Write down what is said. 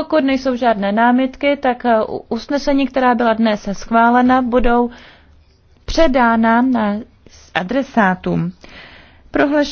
Pokud nejsou žádné námitky, tak eh, usnesení, která byla dnes schválena, budou předána adresátům. Prohlašení